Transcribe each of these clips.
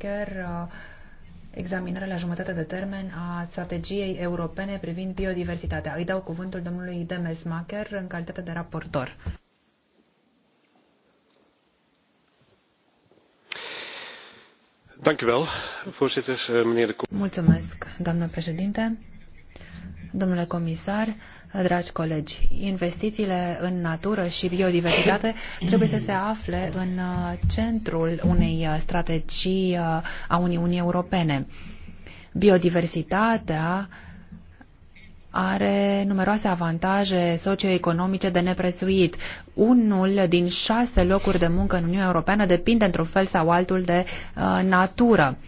Juncker uh, examinarea la jumătate de termen a strategiei europene privind biodiversitatea. Îi dau cuvântul domnului Demesmacher în calitate de raportor. Eh, Mulțumesc, doamnă președinte Domnule comisar, dragi colegi, investițiile în natură și biodiversitate trebuie să se afle în uh, centrul unei uh, strategii uh, a Uniunii Europene. Biodiversitatea are numeroase avantaje socioeconomice de neprețuit. Unul din șase locuri de muncă în Uniunea Europeană depinde într-un fel sau altul de uh, natură.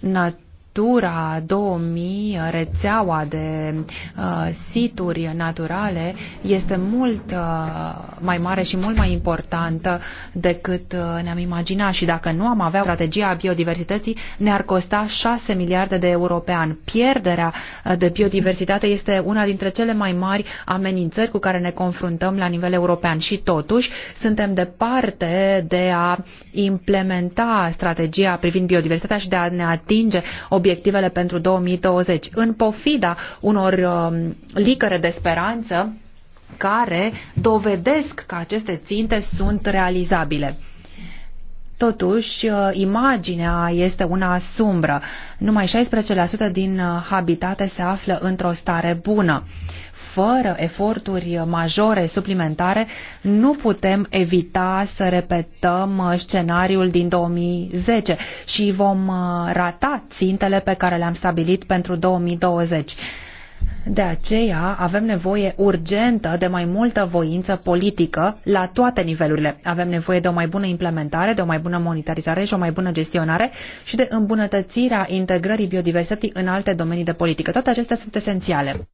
Nat Natura 2000, rețeaua de uh, situri naturale, este mult uh, mai mare și mult mai importantă decât uh, ne-am imaginat și dacă nu am avea strategia biodiversității, ne-ar costa 6 miliarde de euro pe an. Pierderea uh, de biodiversitate este una dintre cele mai mari amenințări cu care ne confruntăm la nivel european și totuși suntem departe de a implementa strategia privind biodiversitatea și de a ne atinge obiectivele obiectivele pentru 2020. În pofida unor um, licăre de speranță care dovedesc că aceste ținte sunt realizabile. Totuși, uh, imaginea este una sumbră. Numai 16% din uh, habitate se află într-o stare bună fără eforturi majore suplimentare, nu putem evita să repetăm scenariul din 2010 și vom uh, rata țintele pe care le-am stabilit pentru 2020. De aceea avem nevoie urgentă de mai multă voință politică la toate nivelurile. Avem nevoie de o mai bună implementare, de o mai bună monitorizare și o mai bună gestionare și de îmbunătățirea integrării biodiversității în alte domenii de politică. Toate acestea sunt esențiale.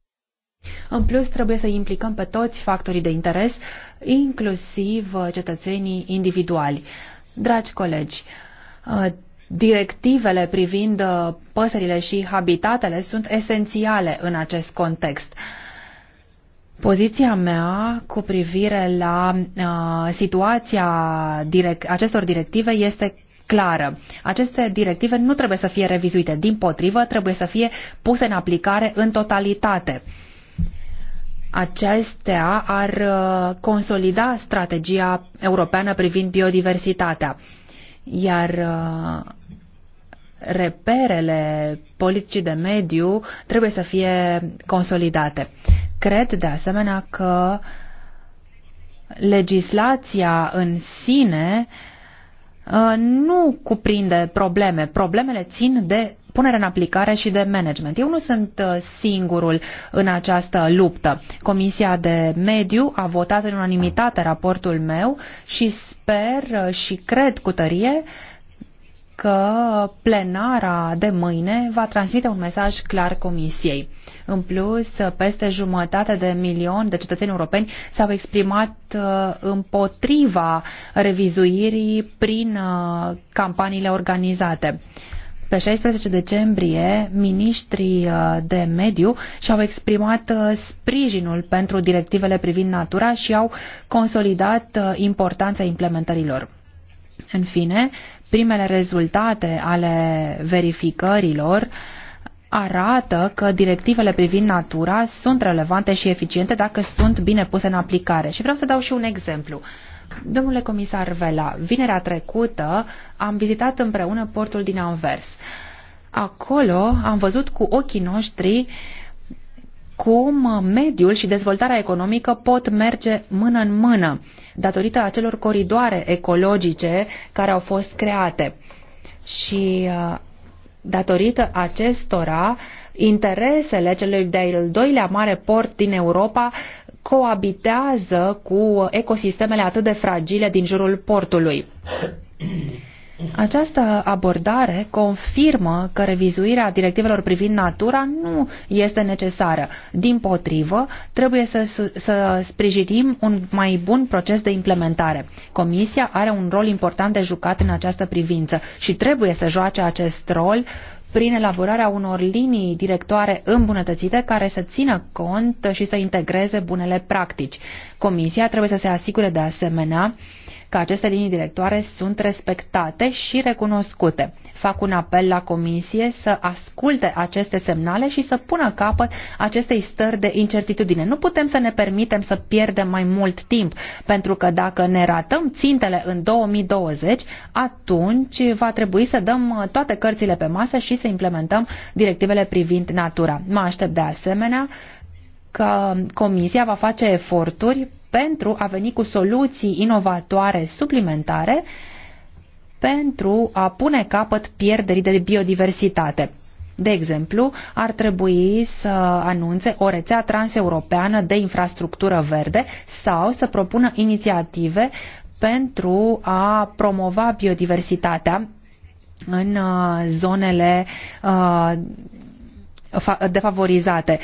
În plus, trebuie să implicăm pe toți factorii de interes, inclusiv uh, cetățenii individuali. Dragi colegi, uh, directivele privind uh, păsările și habitatele sunt esențiale în acest context. Poziția mea cu privire la uh, situația direct, acestor directive este clară. Aceste directive nu trebuie să fie revizuite, din potrivă trebuie să fie puse în aplicare în totalitate. Uh, Acestea ar uh, consolida strategia europeană privind biodiversitatea, iar uh, reperele politicii de mediu trebuie să fie consolidate. Cred de asemenea că legislația în sine uh, nu cuprinde probleme. Problemele țin de punere în aplicare și de management. Eu nu sunt uh, singurul în această luptă. Comisia de Mediu a votat în unanimitate raportul meu și sper uh, și cred cu tărie că plenara de mâine va transmite un mesaj clar Comisiei. În plus, uh, peste jumătate de milion de cetățeni europeni s-au exprimat împotriva revizuirii prin campaniile organizate. Pe 16 decembrie, miniștrii uh, de mediu și-au exprimat uh, sprijinul pentru directivele privind natura și au consolidat uh, importanța implementărilor. În fine, primele rezultate ale verificărilor arată că directivele privind natura sunt relevante și eficiente dacă sunt bine puse în aplicare. Și vreau să dau și un exemplu. Domnule comisar Vela, vinerea trecută am vizitat împreună portul din Anvers. Acolo am văzut cu ochii noștri cum mediul și dezvoltarea economică pot merge mână în mână datorită acelor coridoare ecologice care au fost create. Și uh, datorită acestora, interesele celui de-al doilea mare port din Europa coabitează cu ecosistemele atât de fragile din jurul portului. Această abordare confirmă că revizuirea directivelor privind natura nu este necesară. Din potrivă, trebuie să, să sprijinim un mai bun proces de implementare. Comisia are un rol important de jucat în această privință și trebuie să joace acest rol uh, prin elaborarea unor linii directoare îmbunătățite care să țină cont și să integreze bunele practici. Comisia trebuie să se asigure de asemenea că aceste linii directoare sunt respectate și recunoscute. Fac un apel la Comisie să asculte aceste semnale și să pună capăt acestei stări de incertitudine. Nu putem să ne permitem să pierdem mai mult timp, pentru că dacă ne ratăm țintele în 2020, atunci va trebui să dăm toate cărțile pe masă și să implementăm directivele privind natura. Mă aștept de asemenea că Comisia va face eforturi pentru a veni cu soluții inovatoare suplimentare pentru a pune capăt pierderii de biodiversitate. De exemplu, ar trebui să anunțe o rețea transeuropeană de infrastructură verde sau să propună inițiative pentru a promova biodiversitatea în uh, zonele uh, defavorizate.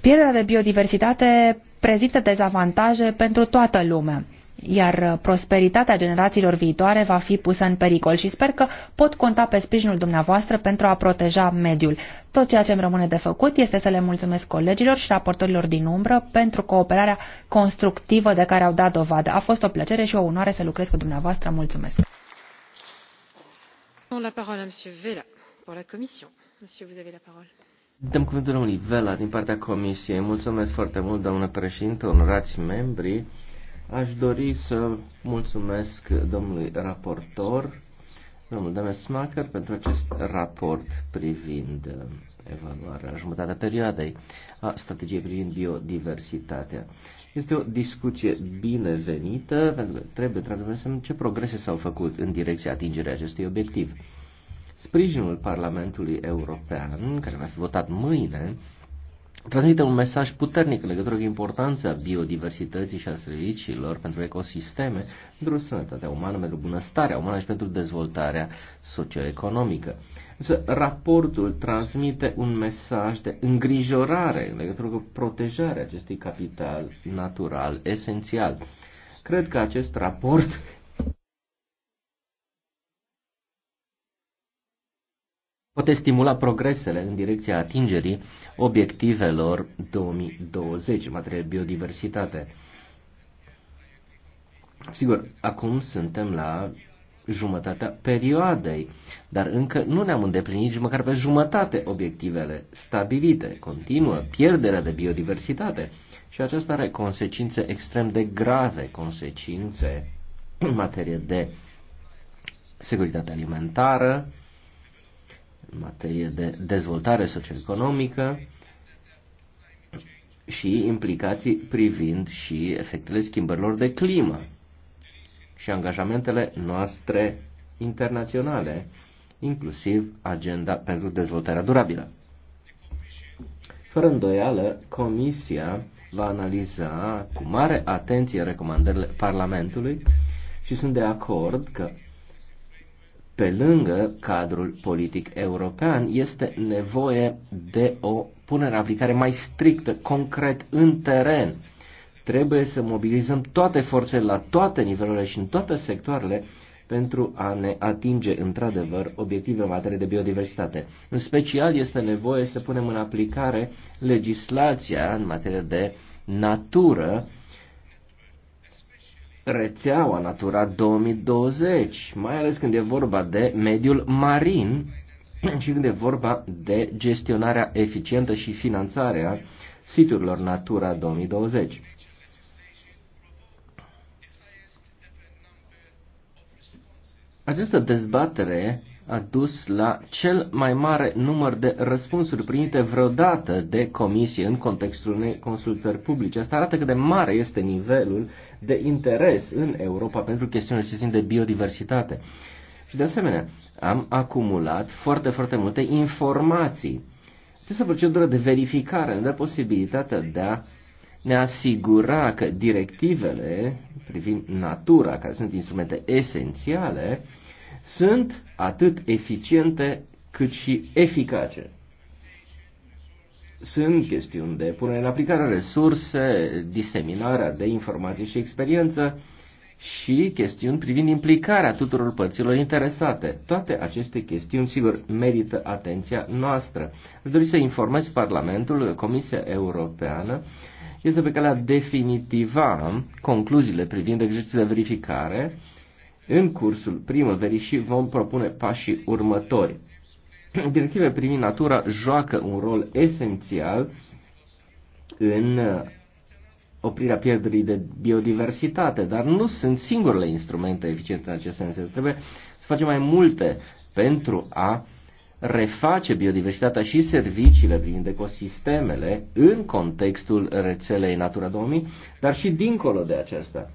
Pierderea de biodiversitate prezintă dezavantaje pentru toată lumea iar prosperitatea generațiilor viitoare va fi pusă în pericol și sper că pot conta pe sprijinul dumneavoastră pentru a proteja mediul. Tot ceea ce îmi rămâne de făcut este să le mulțumesc colegilor și raportorilor din umbră pentru cooperarea constructivă de care au dat dovadă. A fost o plăcere și o onoare să lucrez cu dumneavoastră. Mulțumesc! La parole Vela pour la Commission. Monsieur, vous avez la parole. Dăm cuvântul domnului Vela din partea Comisiei. Mulțumesc foarte mult, doamnă președinte, onorați membri. Aș dori să mulțumesc domnului raportor, domnul Demesmacher, pentru acest raport privind uh, evaluarea jumătatea perioadei a strategiei privind biodiversitatea. Este o discuție binevenită, pentru că trebuie, într-adevăr, să ce progrese s-au făcut în direcția atingerii acestui obiectiv sprijinul Parlamentului European, care va fi votat mâine, transmite un mesaj puternic în legătură cu importanța biodiversității și a serviciilor pentru ecosisteme, pentru sănătatea umană, pentru bunăstarea umană și pentru dezvoltarea socioeconomică. Însă raportul transmite un mesaj de îngrijorare în legătură cu protejarea acestui capital natural esențial. Cred că acest raport poate stimula progresele în direcția atingerii obiectivelor 2020 în materie de biodiversitate. Sigur, acum suntem la jumătatea perioadei, dar încă nu ne-am îndeplinit nici măcar pe jumătate obiectivele stabilite. Continuă pierderea de biodiversitate și aceasta are consecințe extrem de grave, consecințe în materie de securitate alimentară, materie de dezvoltare socioeconomică și implicații privind și efectele schimbărilor de climă și angajamentele noastre internaționale, inclusiv agenda pentru dezvoltarea durabilă. Fără îndoială, Comisia va analiza cu mare atenție recomandările Parlamentului și sunt de acord că pe lângă cadrul politic european, este nevoie de o punere în aplicare mai strictă, concret, în teren. Trebuie să mobilizăm toate forțele la toate nivelurile și în toate sectoarele pentru a ne atinge într-adevăr obiective în materie de biodiversitate. În special este nevoie să punem în aplicare legislația în materie de natură rețeaua Natura 2020, mai ales când e vorba de mediul marin și când e vorba de gestionarea eficientă și finanțarea siturilor Natura 2020. Această dezbatere a dus la cel mai mare număr de răspunsuri primite vreodată de comisie în contextul unei consultări publice. Asta arată cât de mare este nivelul de interes în Europa pentru chestiunile ce țin de biodiversitate. Și de asemenea, am acumulat foarte, foarte multe informații. Această procedură de verificare ne dă posibilitatea de a ne asigura că directivele privind natura, care sunt instrumente esențiale, uh, sunt atât eficiente cât și eficace. Sunt chestiuni de punere în aplicare resurse, diseminarea de informații și experiență și chestiuni privind implicarea tuturor părților interesate. Toate aceste chestiuni, sigur, merită atenția noastră. Aș dori să informez Parlamentul, Comisia Europeană, este pe calea definitiva concluziile privind exercițiul de verificare în cursul primăverii și vom propune pașii următori. Directive privind natura joacă un rol esențial în uh, oprirea pierderii de biodiversitate, dar nu sunt singurele instrumente eficiente în acest sens. Trebuie să facem mai multe pentru a reface biodiversitatea și serviciile privind ecosistemele în contextul rețelei Natura 2000, dar și dincolo de acesta.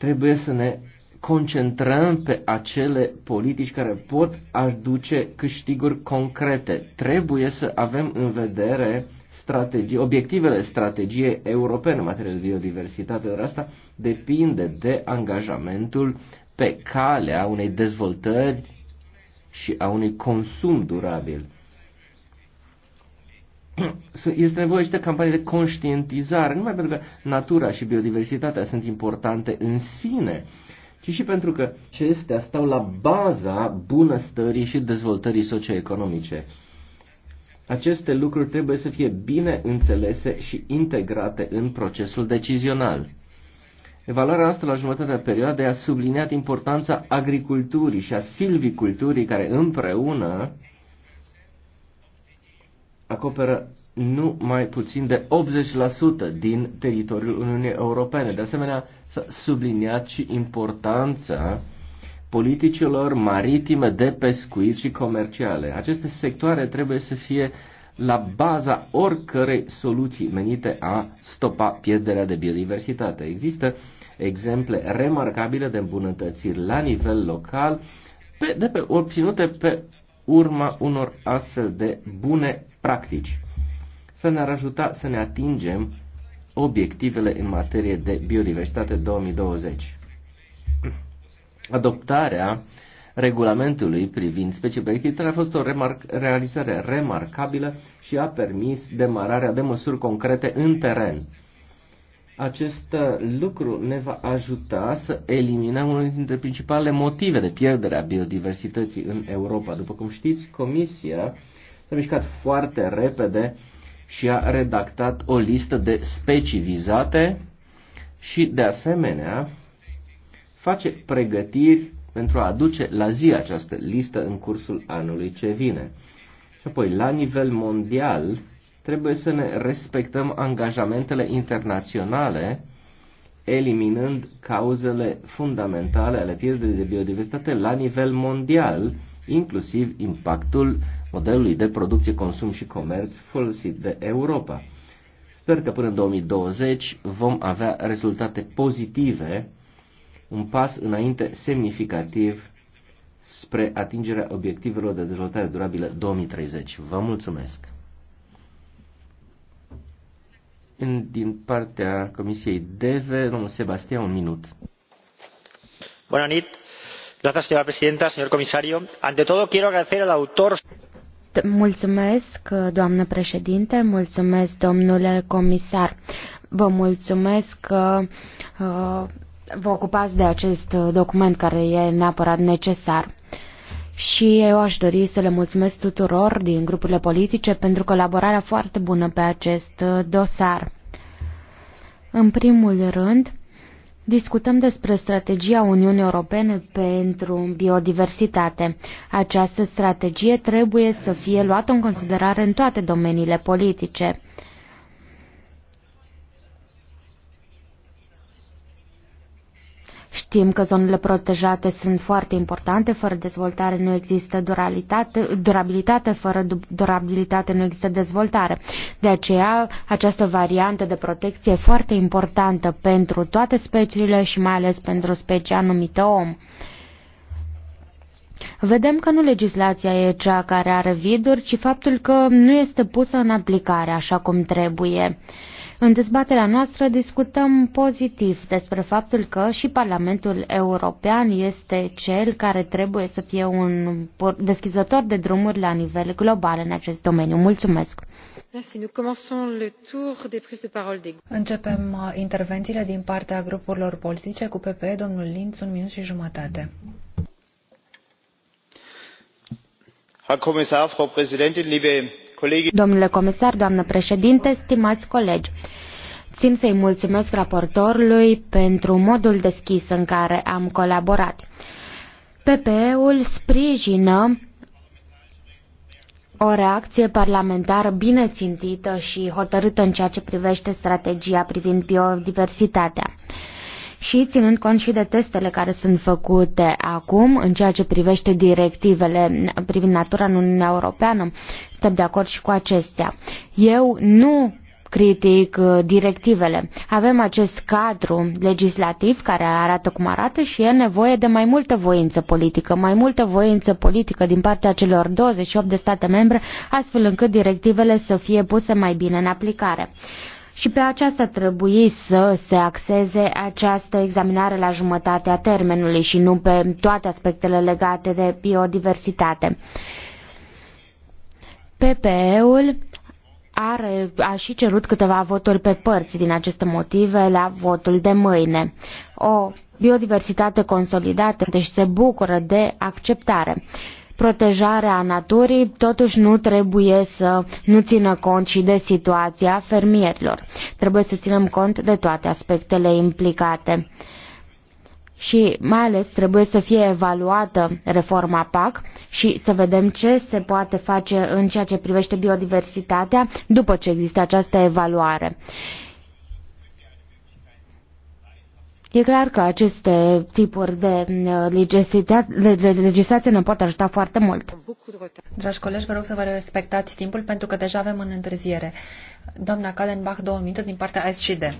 Trebuie să ne concentrăm pe acele politici care pot aduce câștiguri concrete. Trebuie să avem în vedere strategii, obiectivele strategiei europene în materie de biodiversitate, dar asta depinde de angajamentul pe calea unei dezvoltări și a unui consum durabil este nevoie și de campanii de conștientizare, numai pentru că natura și biodiversitatea sunt importante în sine, ci și pentru că acestea stau la baza bunăstării și dezvoltării socioeconomice. Aceste lucruri trebuie să fie bine înțelese și integrate în procesul decizional. Evaluarea noastră la jumătatea perioadei a subliniat importanța agriculturii și a silviculturii care împreună acoperă nu mai puțin de 80% din teritoriul Uniunii Europene. De asemenea, s-a subliniat și importanța politicilor maritime de pescuit și comerciale. Aceste sectoare trebuie să fie la baza oricărei soluții menite a stopa pierderea de biodiversitate. Există exemple remarcabile de îmbunătățiri la nivel local pe, de pe, obținute pe urma unor astfel de bune practici, să ne-ar ajuta să ne atingem obiectivele în materie de biodiversitate 2020. Adoptarea regulamentului privind specii proiectitele a fost o remar- realizare remarcabilă și a permis demararea de măsuri concrete în teren. Acest lucru ne va ajuta să eliminăm unul dintre principalele motive de pierdere a biodiversității în Europa. După cum știți, Comisia uh, s-a mișcat foarte repede și a redactat o listă de specii vizate și, de asemenea, face pregătiri pentru a aduce la zi această listă în cursul anului ce vine. Și apoi, la nivel mondial, trebuie să ne respectăm angajamentele internaționale, eliminând cauzele fundamentale ale pierderii de biodiversitate la nivel mondial, inclusiv impactul modelului de producție, consum și comerț folosit de Europa. Sper că până în 2020 vom avea rezultate pozitive, un pas înainte semnificativ spre atingerea obiectivelor de dezvoltare durabilă 2030. Vă mulțumesc! În, din partea Comisiei DEVE, domnul Sebastian, un minut. Bună nit! Gracias, señora presidenta, señor comisario. Ante todo, quiero agradecer al autor. Mulțumesc, doamnă președinte, mulțumesc, domnule comisar. Vă mulțumesc că uh, vă ocupați de acest document care e neapărat necesar. Și eu aș dori să le mulțumesc tuturor din grupurile politice pentru colaborarea foarte bună pe acest dosar. În primul rând, Discutăm despre strategia Uniunii Europene pentru biodiversitate. Această strategie trebuie să fie luată în considerare în toate domeniile politice. Știm că zonele protejate sunt foarte importante, fără dezvoltare nu există duralitate, durabilitate, fără durabilitate nu există dezvoltare. De aceea, această variantă de protecție e foarte importantă pentru toate speciile și mai ales pentru specia anumită om. Vedem că nu legislația e cea care are viduri, ci faptul că nu este pusă în aplicare așa cum trebuie. În dezbaterea noastră discutăm pozitiv despre faptul că și Parlamentul European este cel care trebuie să fie un deschizător de drumuri la nivel global în acest domeniu. Mulțumesc! Începem uh, intervențiile din partea grupurilor politice cu PPE, domnul Linz, un minut și jumătate. Herr Kommissar, Frau Präsidentin, liebe Domnule comisar, doamnă președinte, stimați colegi, țin să-i mulțumesc raportorului pentru modul deschis în care am colaborat. PPE-ul sprijină o reacție parlamentară bine țintită și hotărâtă în ceea ce privește strategia privind biodiversitatea și ținând cont și de testele care sunt făcute acum în ceea ce privește directivele privind natura în Uniunea Europeană, suntem de acord și cu acestea. Eu nu critic uh, directivele. Avem acest cadru legislativ care arată cum arată și e nevoie de mai multă voință politică, mai multă voință politică din partea celor 28 de state membre, astfel încât directivele să fie puse mai bine în aplicare și pe aceasta trebuie să se axeze această examinare la jumătatea termenului și nu pe toate aspectele legate de biodiversitate. PPE-ul are, a și cerut câteva voturi pe părți din aceste motive la votul de mâine. O biodiversitate consolidată și deci se bucură de acceptare protejarea naturii totuși nu trebuie să nu țină cont și de situația fermierilor. Trebuie să ținem cont de toate aspectele implicate. Și mai ales trebuie să fie evaluată reforma PAC și să vedem ce se poate face în ceea ce privește biodiversitatea după ce există această evaluare. E clar că aceste tipuri de, uh, legislație ne pot ajuta foarte mult. Dragi colegi, vă rog să vă respectați timpul pentru că deja avem în întârziere. Doamna Kadenbach, două minute din partea SCD.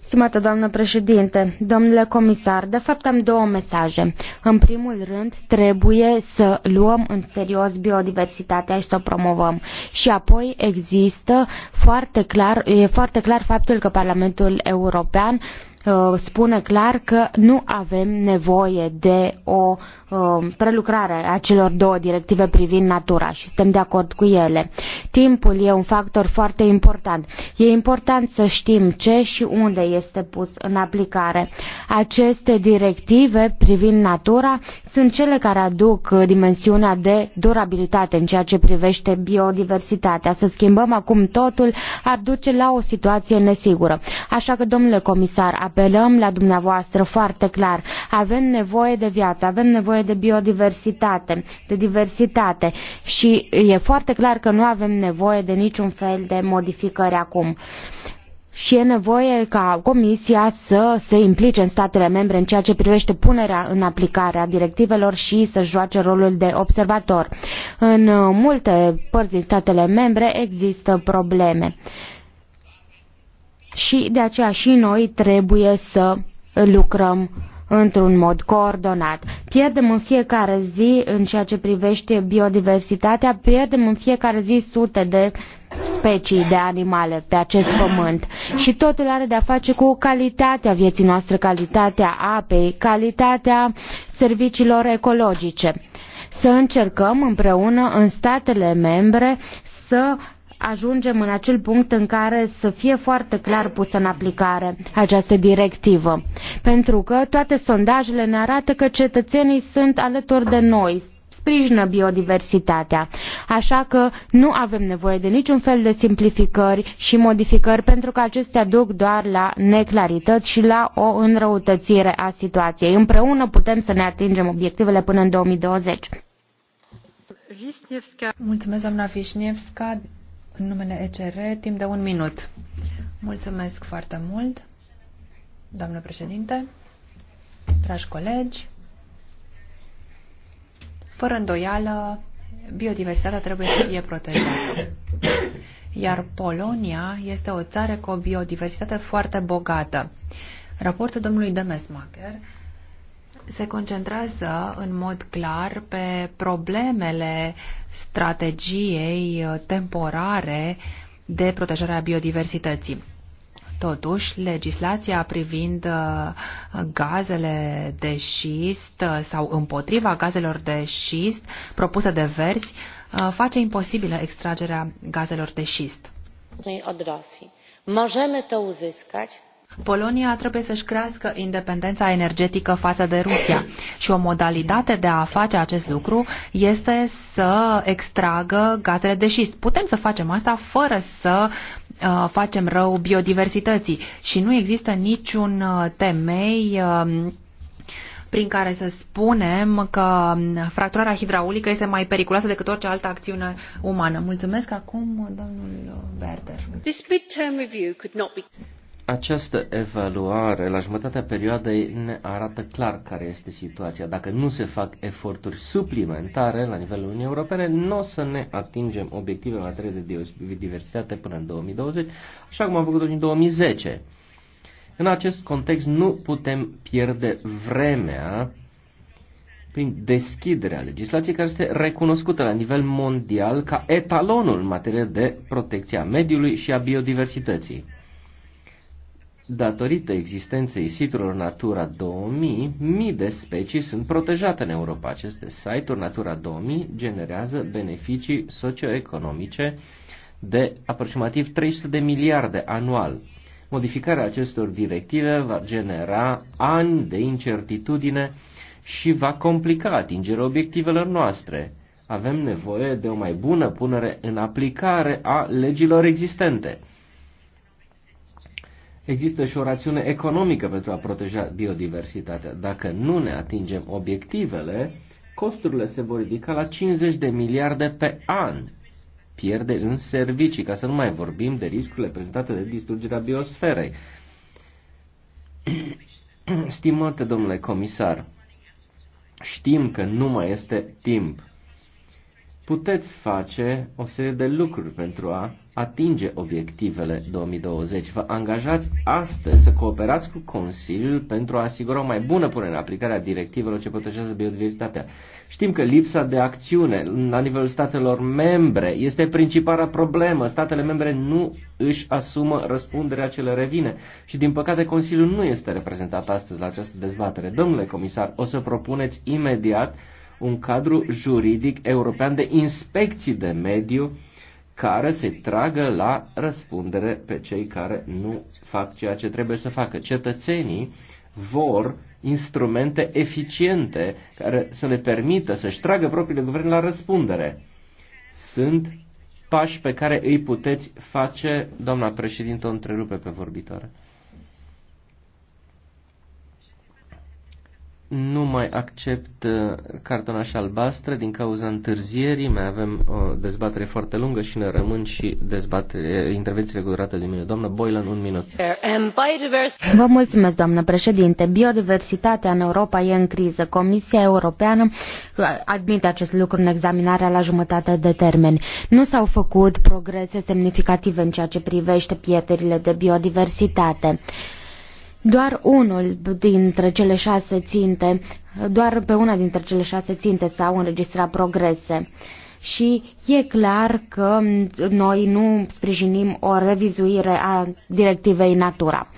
Stimată doamnă președinte, domnule comisar, de fapt am două mesaje. În primul rând, trebuie să luăm în serios biodiversitatea și să o promovăm. Și apoi există foarte clar, e foarte clar faptul că Parlamentul European Uh, spune clar că nu avem nevoie de o Um, prelucrare a celor două directive privind natura și suntem de acord cu ele. Timpul e un factor foarte important. E important să știm ce și unde este pus în aplicare. Aceste directive privind natura sunt cele care aduc uh, dimensiunea de durabilitate în ceea ce privește biodiversitatea. Să schimbăm acum totul ar duce la o situație nesigură. Așa că, domnule comisar, apelăm la dumneavoastră foarte clar. Avem nevoie de viață, avem nevoie nevoie de biodiversitate, de diversitate și e foarte clar că nu avem nevoie de niciun fel de modificări acum și e nevoie ca Comisia să se implice în statele membre în ceea ce privește punerea în aplicare a directivelor și să joace rolul de observator. În multe părți din statele membre există probleme și de aceea și noi trebuie să lucrăm într-un mod coordonat. Pierdem în fiecare zi, în ceea ce privește biodiversitatea, pierdem în fiecare zi sute de specii de animale pe acest pământ și totul are de-a face cu calitatea vieții noastre, calitatea apei, calitatea serviciilor ecologice. Să încercăm împreună în statele membre să ajungem în acel punct în care să fie foarte clar pusă în aplicare această directivă. Pentru că toate sondajele ne arată că cetățenii sunt alături de noi, sprijină biodiversitatea. Așa că nu avem nevoie de niciun fel de simplificări și modificări pentru că acestea duc doar la neclarități și la o înrăutățire a situației. Împreună putem să ne atingem obiectivele până în 2020. Mulțumesc, doamna Vișnevska. În numele ECR, timp de un minut. Mulțumesc foarte mult, doamnă președinte, dragi colegi. Fără îndoială, biodiversitatea trebuie să fie protejată. Iar Polonia este o țară cu o biodiversitate foarte bogată. Raportul domnului Demesmacher se concentrează în mod clar pe problemele uh, strategiei uh, temporare de protejare a biodiversității. Totuși, legislația privind uh, gazele de șist uh, sau împotriva gazelor de șist propusă de verzi face imposibilă extragerea gazelor de șist. Możemy to uzyskać Polonia trebuie să-și crească independența energetică față de Rusia și o modalitate de a face acest lucru este să extragă gazele de șist. Putem să facem asta fără să uh, facem rău biodiversității și nu există niciun uh, temei um, prin care să spunem că um, fracturarea hidraulică este mai periculoasă decât orice altă acțiune umană. Mulțumesc acum, domnul Berder. Această evaluare la jumătatea perioadei ne arată clar care este situația. Dacă nu se fac eforturi suplimentare la nivelul Uniunii Europene, nu o să ne atingem obiective în materie de biodiversitate până în 2020, așa cum am făcut-o în 2010. În acest context nu putem pierde vremea prin deschiderea legislației care este recunoscută la nivel mondial ca etalonul în materie de protecție a mediului și a biodiversității. Datorită existenței siturilor Natura 2000, mii de specii sunt protejate în Europa. Aceste site-uri Natura 2000 generează beneficii socioeconomice de aproximativ 300 de miliarde anual. Modificarea acestor directive va genera ani de incertitudine și va complica atingerea obiectivelor noastre. Avem nevoie de o mai bună punere în aplicare a legilor existente există și o rațiune economică pentru a proteja biodiversitatea. Dacă nu ne atingem obiectivele, costurile se vor ridica la 50 de miliarde pe an. Pierde în servicii, ca să nu mai vorbim de riscurile prezentate de distrugerea biosferei. Stimate domnule comisar, știm că nu mai este timp puteți face o serie de lucruri pentru a atinge obiectivele 2020. Vă angajați astăzi să cooperați cu Consiliul pentru a asigura o mai bună punere în aplicare a directivelor ce protejează biodiversitatea. Știm că lipsa de acțiune la nivelul statelor membre este principala problemă. Statele membre nu își asumă răspunderea ce le revine și, din păcate, Consiliul nu este reprezentat astăzi la această dezbatere. Domnule comisar, o să propuneți imediat un cadru juridic european de inspecții de mediu care se tragă la răspundere pe cei care nu fac ceea ce trebuie să facă. Cetățenii vor instrumente eficiente care să le permită să-și tragă propriile guverne la răspundere. Sunt pași pe care îi puteți face, doamna președintă, o întrerupe pe vorbitoare. nu mai accept uh, cartonaș albastră din cauza întârzierii. Mai avem o dezbatere foarte lungă și ne rămân și dezbatere, intervențiile cu durată de minut. Doamnă Boylan, un minut. Vă mulțumesc, doamnă președinte. Biodiversitatea în Europa e în criză. Comisia Europeană uh, admite acest lucru în examinarea la jumătate de termen. Nu s-au făcut progrese semnificative în ceea ce privește pieterile de biodiversitate. Doar unul dintre cele șase ținte, doar pe una dintre cele șase ținte s-au înregistrat progrese. Și e clar că noi nu sprijinim o revizuire a directivei Natura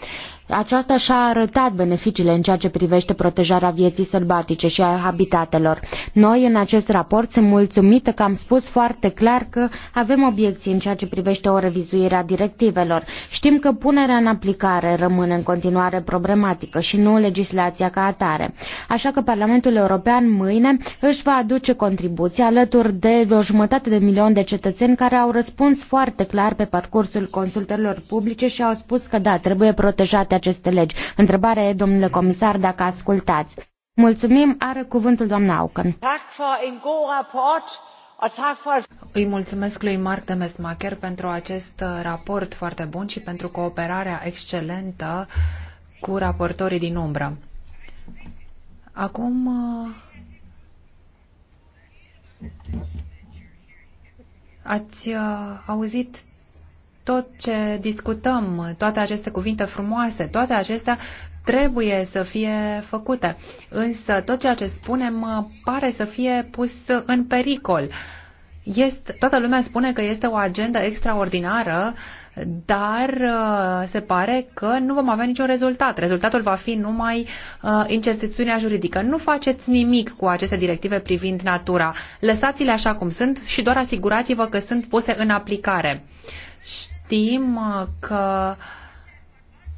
aceasta și-a arătat beneficiile în ceea ce privește protejarea vieții sălbatice și a habitatelor. Noi, în acest raport, sunt mulțumită că am spus foarte clar că avem obiecții în ceea ce privește o revizuire a directivelor. Știm că punerea în aplicare rămâne în continuare problematică și nu legislația ca atare. Așa că Parlamentul European mâine își va aduce contribuții alături de o jumătate de milion de cetățeni care au răspuns foarte clar pe parcursul consultărilor publice și au spus că da, trebuie protejate toate aceste legi. Întrebarea e, domnule comisar, dacă ascultați. Mulțumim, are cuvântul doamna Auken. Îi mulțumesc lui Mark Demesmacher pentru acest uh, raport foarte bun și pentru cooperarea excelentă cu raportorii din umbră. Acum uh, ați uh, auzit tot ce discutăm, toate aceste cuvinte frumoase, toate acestea trebuie să fie făcute. Însă tot ceea ce spunem uh, pare să fie pus în pericol. Este, toată lumea spune că este o agendă extraordinară, dar uh, se pare că nu vom avea niciun rezultat. Rezultatul va fi numai uh, incertitudinea juridică. Nu faceți nimic cu aceste directive privind natura. Lăsați-le așa cum sunt și doar asigurați-vă că sunt puse în aplicare. Știm uh, că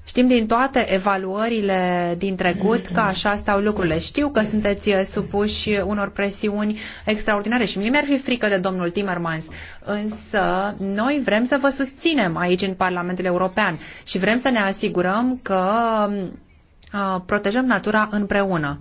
Știm din toate evaluările din trecut că așa stau lucrurile. Știu că sunteți uh, supuși unor presiuni extraordinare și mie mi-ar fi frică de domnul Timmermans, însă noi vrem să vă susținem aici în Parlamentul European și vrem să ne asigurăm că uh, protejăm natura împreună.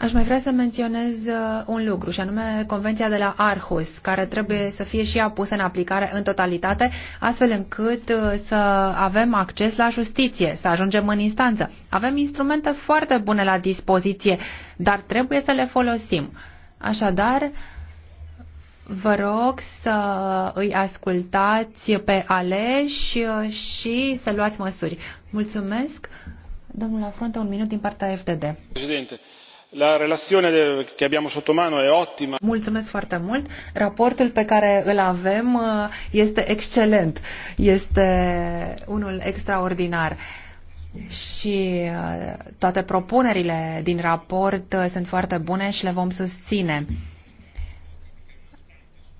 Aș mai vrea să menționez uh, un lucru, și anume Convenția de la Arhus, care trebuie să fie și ea pusă în aplicare în totalitate, astfel încât uh, să avem acces la justiție, să ajungem în instanță. Avem instrumente foarte bune la dispoziție, dar trebuie să le folosim. Așadar, vă rog să îi ascultați pe aleși uh, și să luați măsuri. Mulțumesc. Domnul Afrontă, un minut din partea FDD. Președinte, la relazione che abbiamo sotto mano ottima. Mulțumesc foarte mult. Raportul pe care îl avem uh, este excelent. Este unul extraordinar. Și uh, toate propunerile din raport uh, sunt foarte bune și le vom susține.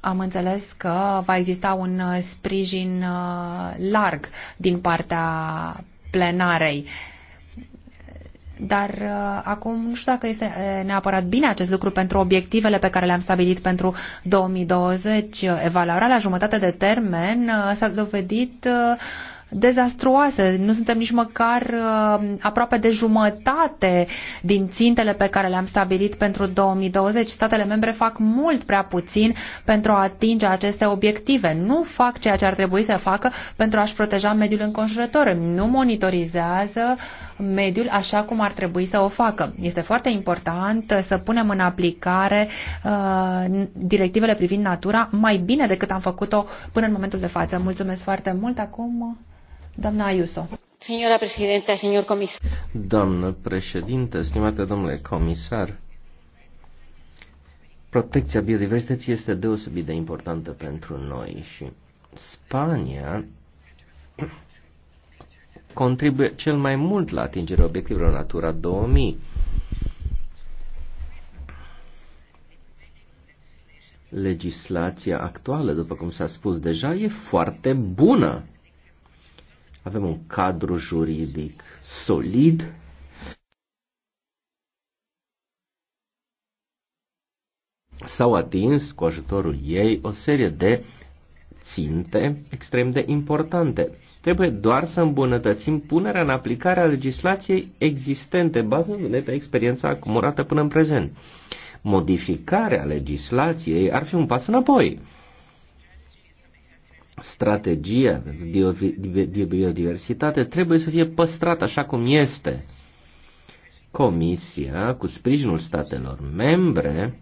Am înțeles că va exista un sprijin larg din partea plenarei. Dar uh, acum nu știu dacă este uh, neapărat bine acest lucru pentru obiectivele pe care le-am stabilit pentru 2020. Evaluarea la jumătate de termen uh, s-a dovedit uh, dezastruoase. Nu suntem nici măcar uh, aproape de jumătate din țintele pe care le-am stabilit pentru 2020. Statele membre fac mult prea puțin pentru a atinge aceste obiective. Nu fac ceea ce ar trebui să facă pentru a-și proteja mediul înconjurător. Nu monitorizează mediul așa cum ar trebui să o facă. Este foarte important să punem în aplicare uh, directivele privind natura mai bine decât am făcut-o până în momentul de față. Mulțumesc foarte mult. Acum Doamna Ayuso. președinte, Doamnă președinte, stimate domnule comisar, protecția biodiversității este deosebit de importantă pentru noi și Spania contribuie cel mai mult la atingerea obiectivelor Natura 2000. Legislația actuală, după cum s-a spus deja, e foarte bună. Avem un cadru juridic solid. S-au atins cu ajutorul ei o serie de ținte extrem de importante. Trebuie doar să îmbunătățim punerea în aplicare a legislației existente, bazându-ne pe experiența acumulată până în prezent. Modificarea legislației ar fi un pas înapoi strategia de biodiversitate trebuie să fie păstrată așa cum este. Comisia, cu sprijinul statelor membre,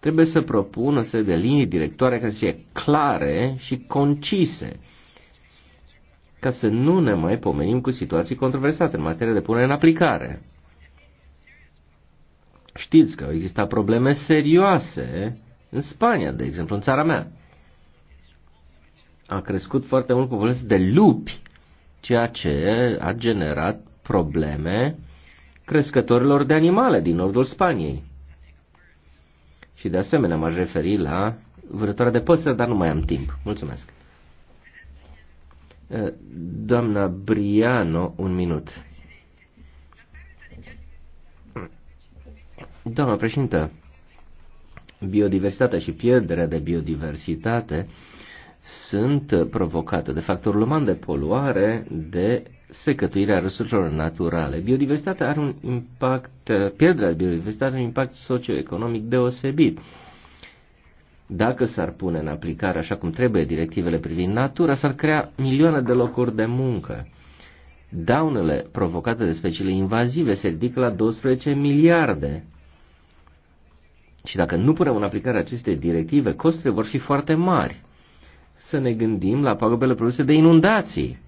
trebuie să propună să de linii directoare care să fie clare și concise, ca să nu ne mai pomenim cu situații controversate în materie de punere în aplicare. Știți că au existat probleme serioase în Spania, de exemplu, în țara mea a crescut foarte mult populația de lupi, ceea ce a generat probleme crescătorilor de animale din nordul Spaniei. Și de asemenea m-aș referi la vânătoarea de păsări, dar nu mai am timp. Mulțumesc. Eh, doamna Briano, un minut. Doamna președintă, biodiversitatea și pierderea de biodiversitate sunt provocate de factorul uman de poluare, de secătuirea resurselor naturale. Biodiversitatea are un impact, pierderea de biodiversitate are un impact socioeconomic deosebit. Dacă s-ar pune în aplicare așa cum trebuie directivele privind natura, s-ar crea milioane de locuri de muncă. Daunele provocate de speciile invazive se ridică la 12 miliarde. Și dacă nu punem în aplicare aceste directive, costurile vor fi foarte mari să ne gândim la pagubele produse de inundații.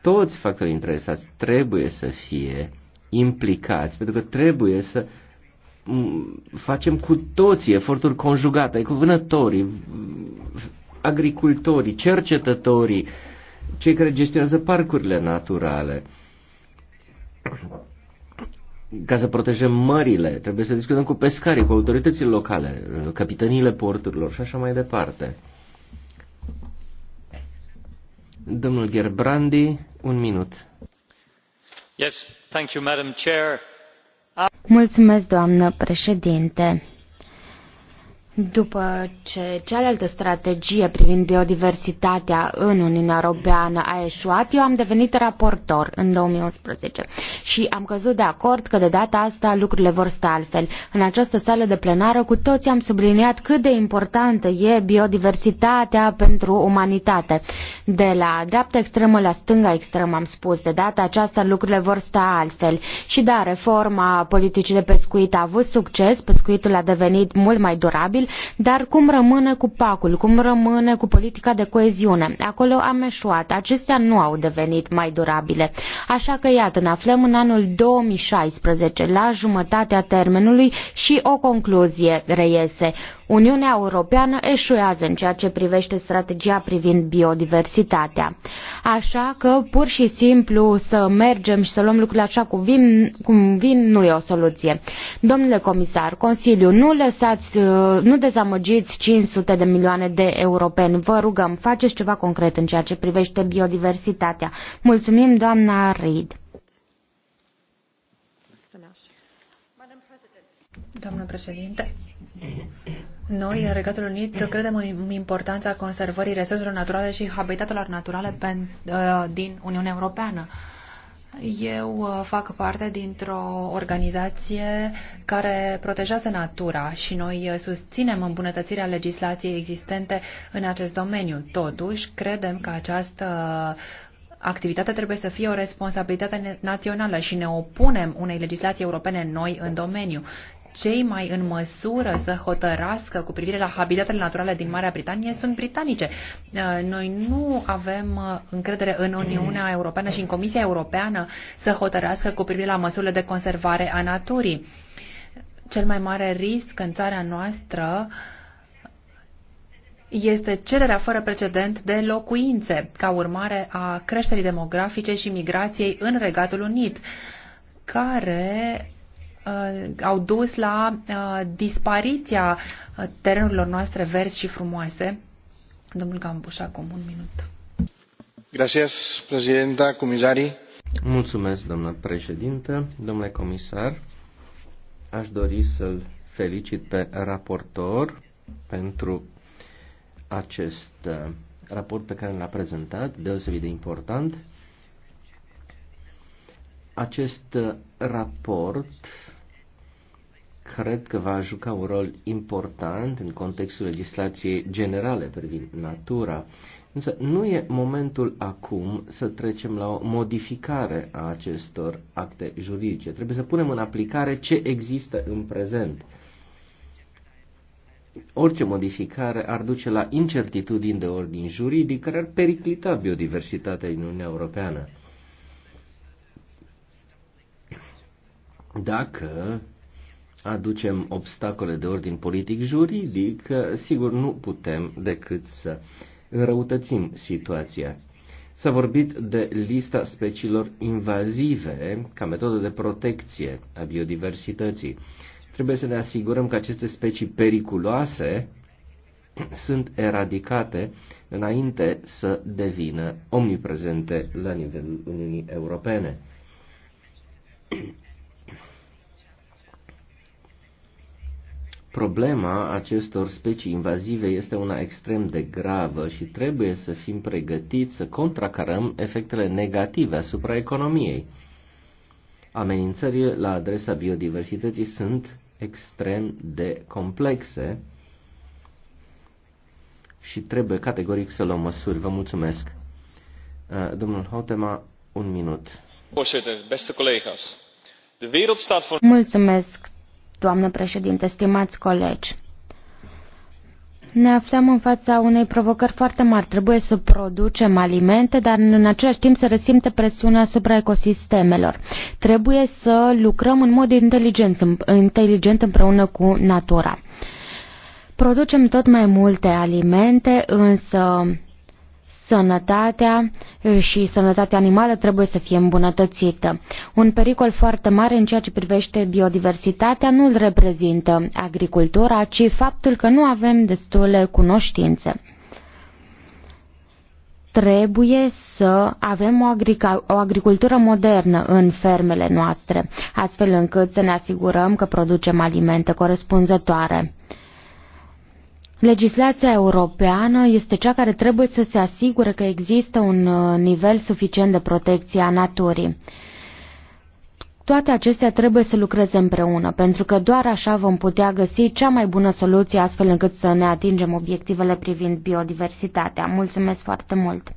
Toți factorii interesați trebuie să fie implicați, pentru că trebuie să facem cu toții eforturi conjugate, cu vânătorii, agricultorii, cercetătorii, cei care gestionează parcurile naturale ca să protejăm mările, trebuie să discutăm cu pescarii, cu autoritățile locale, capitaniile porturilor și așa mai departe. Domnul Gerbrandi, un minut. Yes, thank you, Madam Chair. Mulțumesc, doamnă președinte. După ce cealaltă strategie privind biodiversitatea în Uniunea Europeană a eșuat, eu am devenit raportor în 2011 și am căzut de acord că de data asta lucrurile vor sta altfel. În această sală de plenară cu toți am subliniat cât de importantă e biodiversitatea pentru umanitate. De la dreapta extremă la stânga extremă am spus, de data aceasta lucrurile vor sta altfel. Și da, reforma politicii de pescuit a avut succes, pescuitul a devenit mult mai durabil, probabil, dar cum rămâne cu pacul, cum rămâne cu politica de coeziune? Acolo am eșuat. Acestea nu au devenit mai durabile. Așa că iată, ne aflăm în anul 2016, la jumătatea termenului și o concluzie reiese. Uniunea Europeană eșuează în ceea ce privește strategia privind biodiversitatea. Așa că pur și simplu să mergem și să luăm lucrurile așa cum vin, cum vin nu e o soluție. Domnule comisar, Consiliu, nu lăsați, uh, nu dezamăgiți 500 de milioane de europeni. Vă rugăm, faceți ceva concret în ceea ce privește biodiversitatea. Mulțumim, doamna Reid. Doamnă președinte, noi, în Regatul Unit, credem în importanța conservării resurselor naturale și habitatelor naturale uh, din Uniunea Europeană. Eu uh, fac parte dintr-o organizație care protejează natura și noi uh, susținem îmbunătățirea legislației existente în acest domeniu. Totuși, credem că această activitate trebuie să fie o responsabilitate națională și ne opunem unei legislații europene noi în domeniu cei mai în măsură să hotărască cu privire la habitatele naturale din Marea Britanie sunt britanice. Uh, noi nu avem uh, încredere în Uniunea Europeană și în Comisia Europeană să hotărască cu privire la măsurile de conservare a naturii. Cel mai mare risc în țara noastră este cererea fără precedent de locuințe, ca urmare a creșterii demografice și migrației în Regatul Unit, care Uh, au dus la uh, dispariția uh, terenurilor noastre verzi și frumoase. Domnul Gambuș, acum un minut. Gracias, presidenta, comisarii. Mulțumesc, doamnă președintă, domnule comisar. Aș dori să-l felicit pe raportor pentru acest raport pe care l-a prezentat, deosebit de important. Acest uh, raport cred că va juca un rol important în contextul legislației generale privind natura, însă nu e momentul acum să trecem la o modificare a acestor acte juridice. Trebuie să punem în aplicare ce există în prezent. Orice modificare ar duce la incertitudini de ordin juridic care ar periclita biodiversitatea în Uniunea Europeană. Dacă aducem obstacole de ordin politic juridic, sigur nu putem decât să înrăutățim situația. S-a vorbit de lista speciilor invazive ca metodă de protecție a biodiversității. Trebuie să ne asigurăm că aceste specii periculoase sunt eradicate înainte să devină omniprezente la nivelul Uniunii Europene. Problema acestor specii invazive este una extrem de gravă și trebuie să fim pregătiți să contracarăm efectele negative asupra economiei. Amenințările la adresa biodiversității sunt extrem de complexe și trebuie categoric să luăm măsuri. Vă mulțumesc. Uh, domnul Hotema, un minut. Mulțumesc, doamnă președinte, stimați colegi. Ne aflăm în fața unei provocări foarte mari. Trebuie să producem alimente, dar în același timp să resimte presiunea asupra ecosistemelor. Trebuie să lucrăm în mod inteligent, inteligent împreună cu natura. Producem tot mai multe alimente, însă sănătatea eh, și sănătatea animală trebuie să fie îmbunătățită. Un pericol foarte mare în ceea ce privește biodiversitatea nu îl reprezintă agricultura, ci faptul că nu avem destule cunoștințe. Trebuie să avem o, agric- o agricultură modernă în fermele noastre, astfel încât să ne asigurăm că producem alimente corespunzătoare. Legislația europeană este cea care trebuie să se asigure că există un uh, nivel suficient de protecție a naturii. Toate acestea trebuie să lucreze împreună, pentru că doar așa vom putea găsi cea mai bună soluție astfel încât să ne atingem obiectivele privind biodiversitatea. Mulțumesc foarte mult!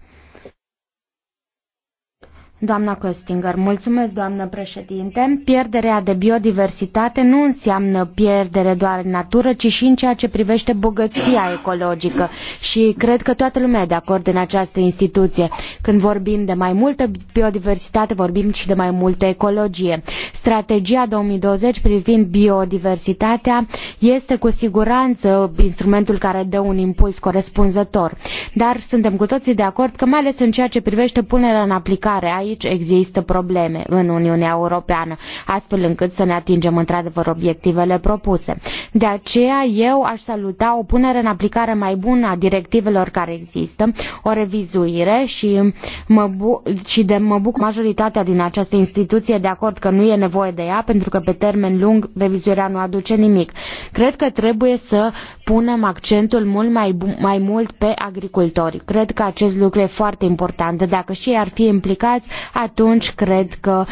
Doamna Costinger, mulțumesc, doamnă președinte. Pierderea de biodiversitate nu înseamnă pierdere doar în natură, ci și în ceea ce privește bogăția ecologică. Și cred că toată lumea e de acord în această instituție. Când vorbim de mai multă biodiversitate, vorbim și de mai multă ecologie. Strategia 2020 privind biodiversitatea este cu siguranță instrumentul care dă un impuls corespunzător. Dar suntem cu toții de acord că, mai ales în ceea ce privește punerea în aplicare a aici există probleme în Uniunea Europeană, astfel încât să ne atingem într-adevăr obiectivele propuse. De aceea eu aș saluta o punere în aplicare mai bună a directivelor care există, o revizuire și, mă bu- și de mă bucur majoritatea din această instituție de acord că nu e nevoie de ea, pentru că pe termen lung revizuirea nu aduce nimic. Cred că trebuie să punem accentul mult mai, mai mult pe agricultori. Cred că acest lucru e foarte important. Dacă și ei ar fi implicați, atunci cred că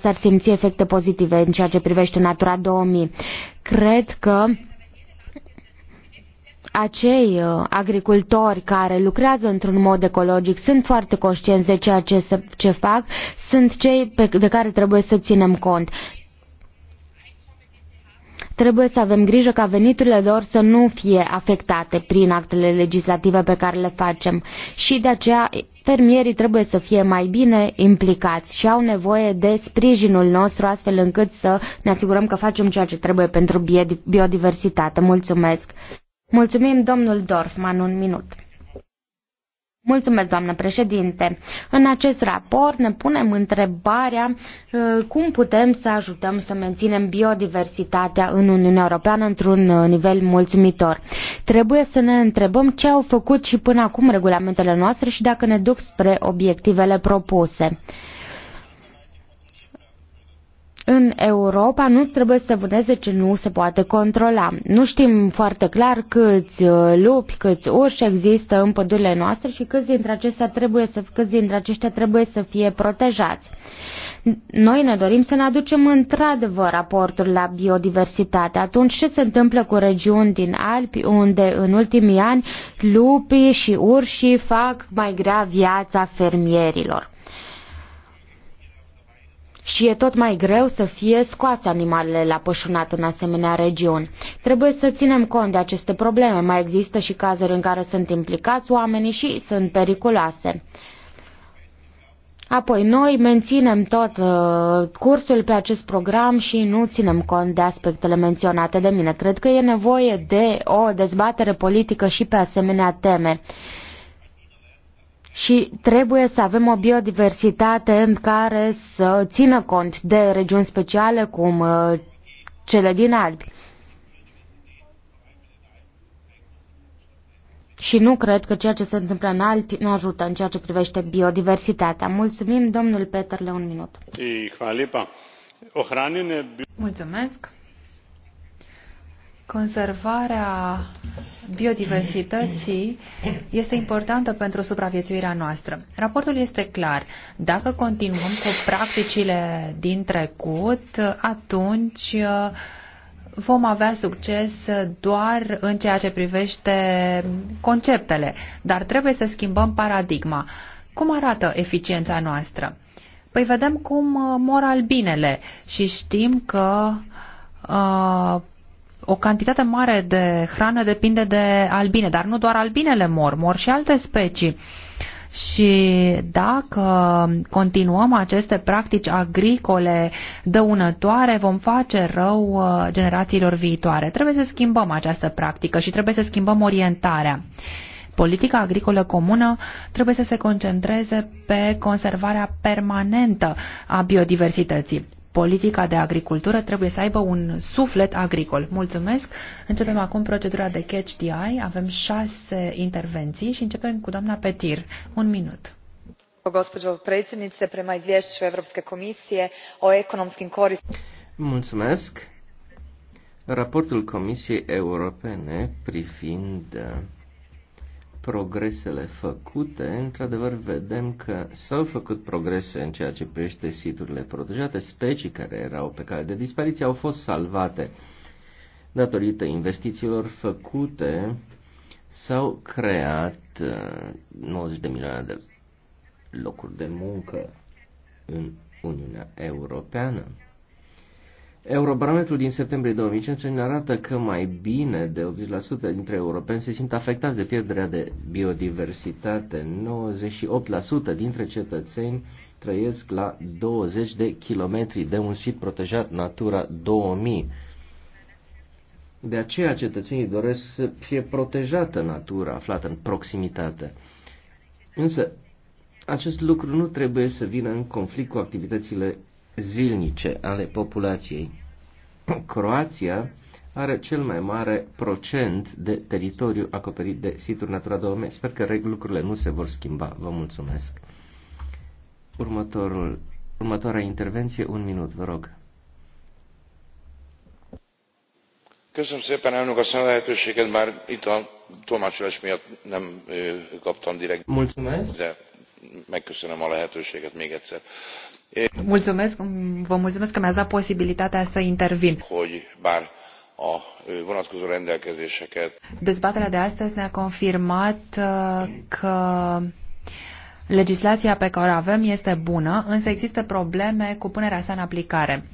s-ar simți efecte pozitive în ceea ce privește Natura 2000. Cred că acei agricultori care lucrează într-un mod ecologic sunt foarte conștienți de ceea ce, se, ce fac, sunt cei pe, de care trebuie să ținem cont. Trebuie să avem grijă ca veniturile lor să nu fie afectate prin actele legislative pe care le facem și de aceea fermierii trebuie să fie mai bine implicați și au nevoie de sprijinul nostru astfel încât să ne asigurăm că facem ceea ce trebuie pentru biodiversitate. Mulțumesc! Mulțumim, domnul Dorfman, un minut. Mulțumesc, doamnă președinte. În acest raport ne punem întrebarea uh, cum putem să ajutăm să menținem biodiversitatea în Uniunea Europeană într-un uh, nivel mulțumitor. Trebuie să ne întrebăm ce au făcut și până acum regulamentele noastre și dacă ne duc spre obiectivele propuse în Europa nu trebuie să vâneze ce nu se poate controla. Nu știm foarte clar câți uh, lupi, câți urși există în pădurile noastre și câți dintre acestea trebuie să, câți dintre aceștia trebuie să fie protejați. Noi ne dorim să ne aducem într-adevăr raportul la biodiversitate. Atunci ce se întâmplă cu regiuni din Alpi unde în ultimii ani lupii și urșii fac mai grea viața fermierilor? și e tot mai greu să fie scoase animalele la pășunat în asemenea regiuni. Trebuie să ținem cont de aceste probleme. Mai există și cazuri în care sunt implicați oamenii și sunt periculoase. Apoi, noi menținem tot uh, cursul pe acest program și nu ținem cont de aspectele menționate de mine. Cred că e nevoie de o dezbatere politică și pe asemenea teme. Uh, și trebuie să avem o biodiversitate care să țină cont de regiuni speciale cum uh, cele din Albi. Și nu cred că ceea ce se întâmplă în Alpi nu ajută în ceea ce privește biodiversitatea. Mulțumim, domnul Peterle, un minut. Mulțumesc. Conservarea biodiversității este importantă pentru supraviețuirea noastră. Raportul este clar. Dacă continuăm cu practicile din trecut, atunci uh, vom avea succes doar în ceea ce privește conceptele, dar trebuie să schimbăm paradigma. Cum arată eficiența noastră? Păi vedem cum uh, mor albinele și știm că uh, o cantitate mare de hrană depinde de albine, dar nu doar albinele mor, mor și alte specii. Și dacă continuăm aceste practici agricole dăunătoare, vom face rău uh, generațiilor viitoare. Trebuie să schimbăm această practică și trebuie să schimbăm orientarea. Politica agricolă comună trebuie să se concentreze pe conservarea permanentă a biodiversității politica de agricultură trebuie să aibă un suflet agricol. Mulțumesc! Începem acum procedura de catch the eye. Avem șase intervenții și începem cu doamna Petir. Un minut. Gospođo predsjednice, prema izvješću Europske komisije o ekonomskim koristima... Mulțumesc! Raportul Comisiei Europene privind progresele făcute, într-adevăr vedem că s-au făcut progrese în ceea ce privește siturile protejate, specii care erau pe cale de dispariție au fost salvate datorită investițiilor făcute s-au creat 90 uh, de milioane de locuri de muncă în Uniunea Europeană. Eurobarometrul din septembrie 2015 ne arată că mai bine de 80% dintre europeni se simt afectați de pierderea de biodiversitate. 98% dintre cetățeni trăiesc la 20 de kilometri de un sit protejat Natura 2000. De aceea cetățenii doresc să fie protejată natura aflată în proximitate. Însă, acest lucru nu trebuie să vină în conflict cu activitățile zilnice ale populației. Croația are cel mai mare procent de teritoriu acoperit de situri Natura 2000. Sper că lucrurile nu se vor schimba. Vă mulțumesc. Următorul, următoarea intervenție, un minut, vă rog. Köszönöm szépen, elnök asszony, a lehetőséget már itt a tolmácsolás miatt nem ö, kaptam direkt. Mulțumesc. De megköszönöm a lehetőséget még egyszer. Mulțumesc, vă mulțumesc că mi-ați dat posibilitatea să intervin. Hogy bár a vonatkozó rendelkezéseket. Dezbaterea de astăzi ne-a confirmat uh, că legislația pe care o avem este bună, însă există probleme cu punerea sa în aplicare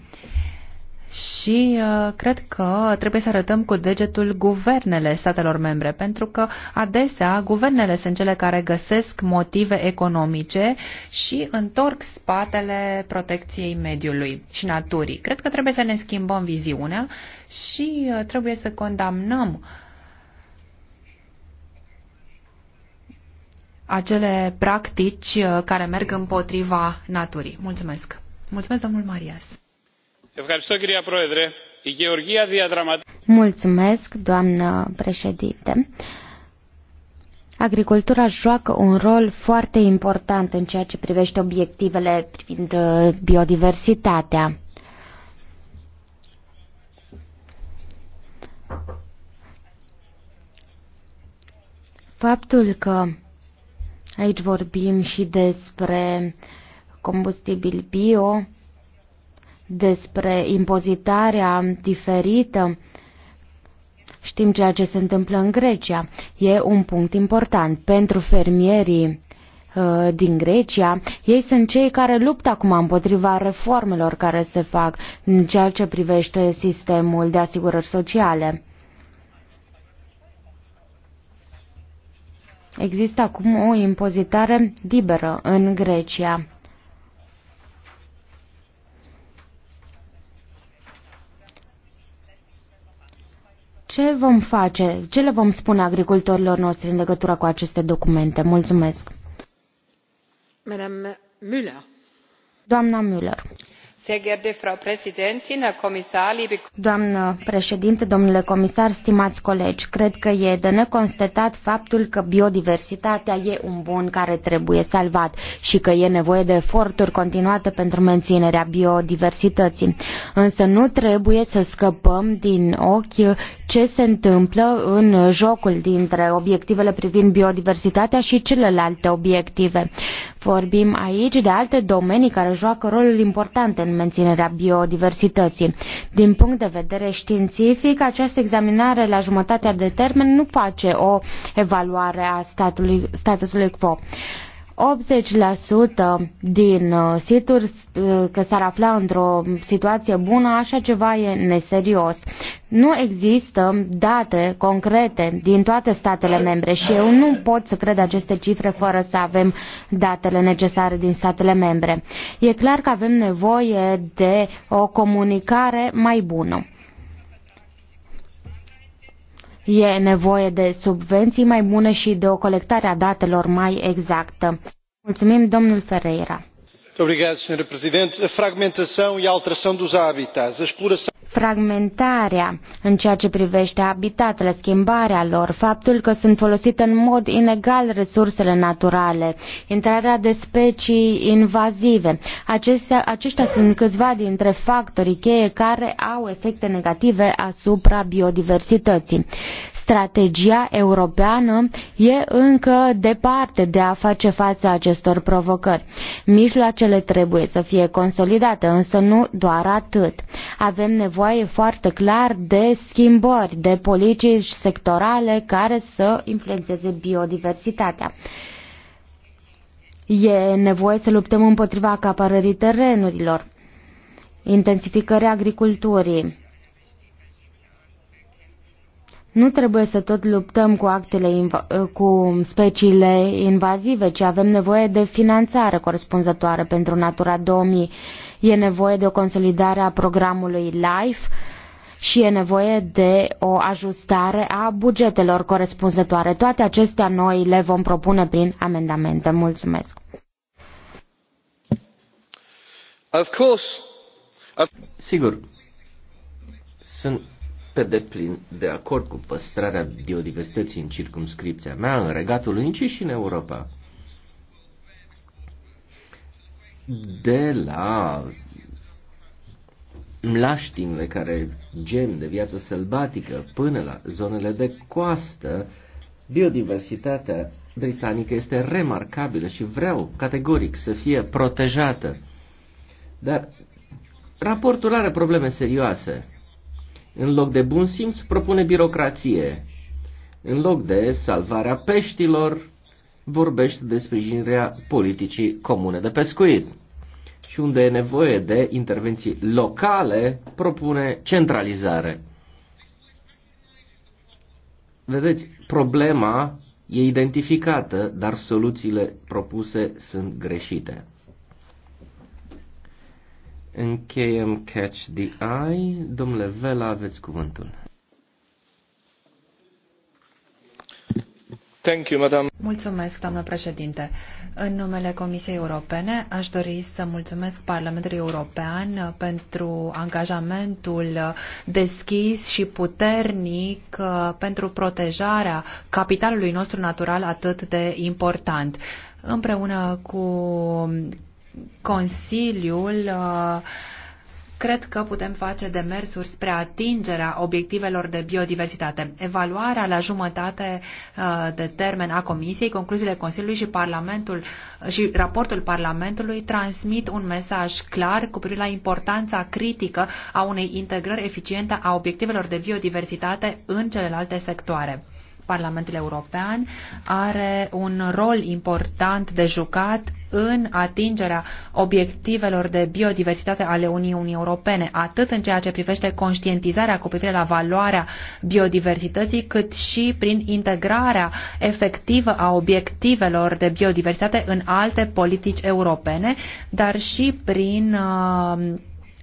și uh, cred că trebuie să arătăm cu degetul guvernele statelor membre, pentru că adesea guvernele sunt cele care găsesc motive economice și întorc spatele protecției mediului și naturii. Cred că trebuie să ne schimbăm viziunea și uh, trebuie să condamnăm acele practici uh, care merg împotriva naturii. Mulțumesc! Mulțumesc, domnul Marias! Mulțumesc, doamnă președinte. Agricultura joacă un rol foarte important în ceea ce privește obiectivele privind uh, biodiversitatea. Faptul că aici vorbim și despre combustibil bio, despre impozitarea diferită. Știm ceea ce se întâmplă în Grecia. E un punct important pentru fermierii uh, din Grecia, ei sunt cei care luptă acum împotriva reformelor care se fac în ceea ce privește sistemul de asigurări sociale. Există acum o impozitare liberă în Grecia. Ce vom face? Ce le vom spune agricultorilor noștri în legătură cu aceste documente? Mulțumesc. Madame Müller. Doamna Müller Doamnă președinte, domnule comisar, stimați colegi, cred că e de neconstatat faptul că biodiversitatea e un bun care trebuie salvat și că e nevoie de eforturi continuate pentru menținerea biodiversității. Însă nu trebuie să scăpăm din ochi ce se întâmplă în jocul dintre obiectivele privind biodiversitatea și celelalte obiective. Vorbim aici de alte domenii care joacă rolul important în menținerea biodiversității. Din punct de vedere științific, această examinare la jumătatea de termen nu face o evaluare a statului, statusului quo. 80% din uh, situri uh, că s-ar afla într-o situație bună, așa ceva e neserios. Nu există date concrete din toate statele membre și eu nu pot să cred aceste cifre fără să avem datele necesare din statele membre. E clar că avem nevoie de o comunicare mai bună. E nevoie de subvenții mai bune și de o colectare a datelor mai exactă. Mulțumim, domnul Ferreira. Obrigado, Sr. Presidente. A fragmentação e a alteração dos habitats, a exploração fragmentarea în ceea ce privește habitatele, schimbarea lor, faptul că sunt folosite în mod inegal resursele naturale, intrarea de specii invazive. Acestea, aceștia sunt câțiva dintre factorii cheie care au efecte negative asupra biodiversității strategia europeană e încă departe de a face față acestor provocări. Mijloacele trebuie să fie consolidate, însă nu doar atât. Avem nevoie foarte clar de schimbări, de politici sectorale care să influențeze biodiversitatea. E nevoie să luptăm împotriva acapărării terenurilor, intensificării agriculturii, nu trebuie să tot luptăm cu actele cu speciile invazive, ci avem nevoie de finanțare corespunzătoare pentru Natura 2000. E nevoie de o consolidare a programului LIFE și e nevoie de o ajustare a bugetelor corespunzătoare. Toate acestea noi le vom propune prin amendamente. Mulțumesc. Of course. Of... Sigur. Sunt pe deplin de acord cu păstrarea biodiversității în circumscripția mea, în Regatul Unicii și în Europa. De la mlaștinile care gem de viață sălbatică până la zonele de coastă, biodiversitatea britanică este remarcabilă și vreau categoric să fie protejată. Dar raportul are probleme serioase. În loc de bun simț, propune birocrație. În loc de salvarea peștilor, vorbește de sprijinirea politicii comune de pescuit. Și unde e nevoie de intervenții locale, propune centralizare. Vedeți, problema e identificată, dar soluțiile propuse sunt greșite. Încheiem Catch the Eye. Domnule Vela, aveți cuvântul. Thank you, madam. Mulțumesc, doamnă președinte. În numele Comisiei Europene aș dori să mulțumesc Parlamentului European pentru angajamentul deschis și puternic pentru protejarea capitalului nostru natural atât de important. Împreună cu Consiliul uh, cred că putem face demersuri spre atingerea obiectivelor de biodiversitate. Evaluarea la jumătate uh, de termen a Comisiei, concluziile Consiliului și, Parlamentul, uh, și raportul Parlamentului transmit un mesaj clar cu privire la importanța critică a unei integrări eficiente a obiectivelor de biodiversitate în celelalte sectoare. Parlamentul European are un rol important de jucat în atingerea obiectivelor de biodiversitate ale Uniunii Europene, atât în ceea ce privește conștientizarea cu privire la valoarea biodiversității, cât și prin integrarea efectivă a obiectivelor de biodiversitate în alte politici europene, dar și prin uh,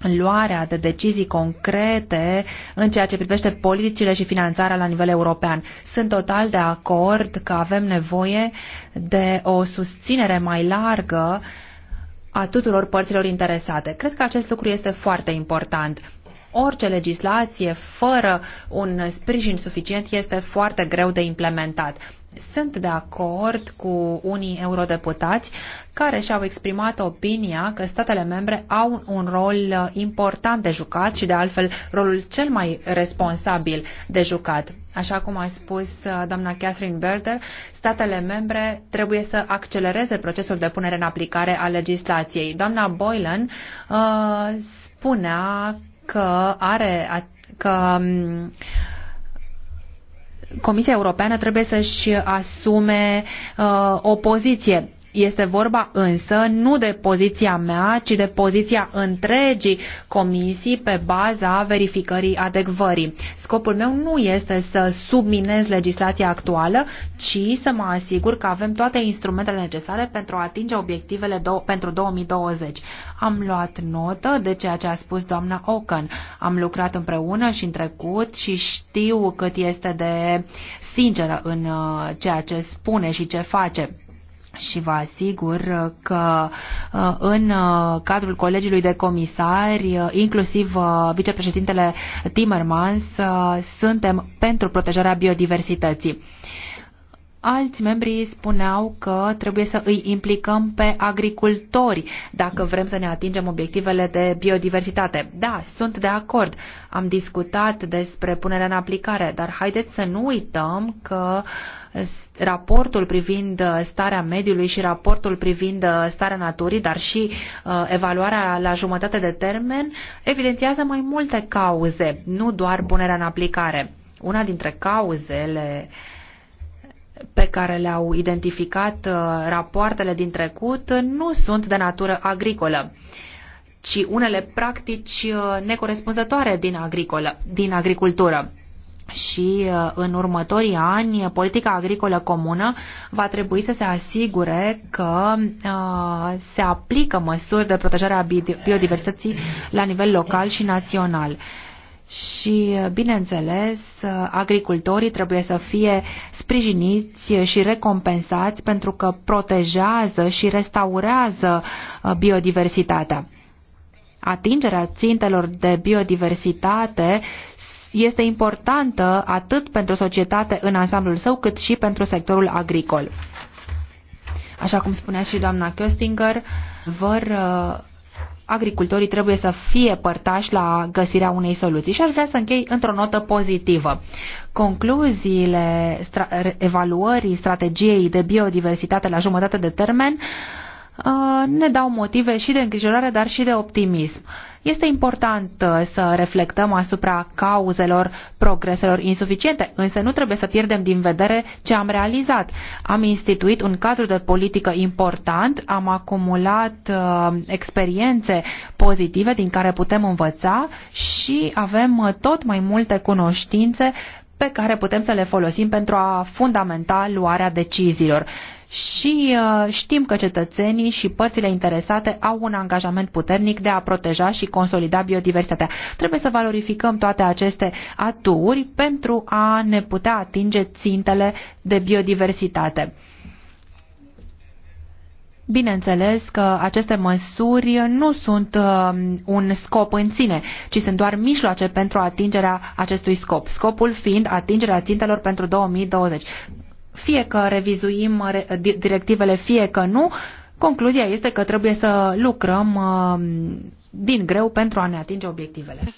luarea de decizii concrete în ceea ce privește politicile și finanțarea la nivel european. Sunt total de acord că avem nevoie de o susținere mai largă a tuturor părților interesate. Cred că acest lucru este foarte important. Orice legislație fără un sprijin suficient este foarte greu de implementat. Sunt de acord cu unii eurodeputați care și-au exprimat opinia că statele membre au un rol uh, important de jucat și, de altfel, rolul cel mai responsabil de jucat. Așa cum a spus uh, doamna Catherine Berder, statele membre trebuie să accelereze procesul de punere în aplicare a legislației. Doamna Boylan uh, spunea că are că um, Comisia Europeană trebuie să-și asume uh, o poziție este vorba însă nu de poziția mea, ci de poziția întregii comisii pe baza verificării adecvării. Scopul meu nu este să subminez legislația actuală, ci să mă asigur că avem toate instrumentele necesare pentru a atinge obiectivele pentru 2020. Am luat notă de ceea ce a spus doamna Ocan. Am lucrat împreună și în trecut și știu cât este de sinceră în uh, ceea ce spune și ce face și vă asigur că uh, în uh, cadrul Colegiului de Comisari, uh, inclusiv vicepreședintele Timmermans, suntem pentru protejarea biodiversității. Alți membri spuneau că trebuie să îi implicăm pe agricultori dacă vrem să ne atingem obiectivele de biodiversitate. Da, sunt de acord. Am discutat despre punerea în aplicare, dar haideți să nu uităm că raportul privind starea mediului și raportul privind starea naturii, dar și uh, evaluarea la jumătate de termen, evidențiază mai multe cauze, nu doar punerea în aplicare. Una dintre cauzele uh, pe care le-au identificat uh, rapoartele din trecut nu sunt de natură agricolă ci unele practici uh, necorespunzătoare din, agricolă, din agricultură. Și uh, în următorii ani, politica agricolă comună va trebui să se asigure că se aplică măsuri de protejare a biodiversității la nivel local și național și, uh, bineînțeles, uh, agricultorii trebuie să fie sprijiniți și recompensați pentru că protejează și restaurează uh, biodiversitatea. Atingerea țintelor de biodiversitate este importantă atât pentru societate în ansamblul său, cât și pentru sectorul agricol. Așa cum spunea și doamna Köstinger, vor agricultorii trebuie să fie părtași la găsirea unei soluții și aș vrea să închei într-o notă pozitivă. Concluziile stra- evaluării strategiei de biodiversitate la jumătate de termen Uh, ne dau motive și de îngrijorare, dar și de optimism. Este important uh, să reflectăm asupra cauzelor progreselor insuficiente, însă nu trebuie să pierdem din vedere ce am realizat. Am instituit un cadru de politică important, am acumulat uh, experiențe pozitive din care putem învăța și avem uh, tot mai multe cunoștințe pe care putem să le folosim pentru a fundamenta luarea deciziilor și uh, știm că cetățenii și părțile interesate au un angajament puternic de a proteja și consolida biodiversitatea. Trebuie să valorificăm toate aceste aturi pentru a ne putea atinge țintele de biodiversitate. Bineînțeles că aceste măsuri nu sunt uh, un scop în sine, ci sunt doar mijloace pentru atingerea acestui scop, scopul fiind atingerea țintelor pentru 2020 fie că revizuim directivele, fie că nu, concluzia este că trebuie să lucrăm uh, din greu pentru a ne atinge obiectivele.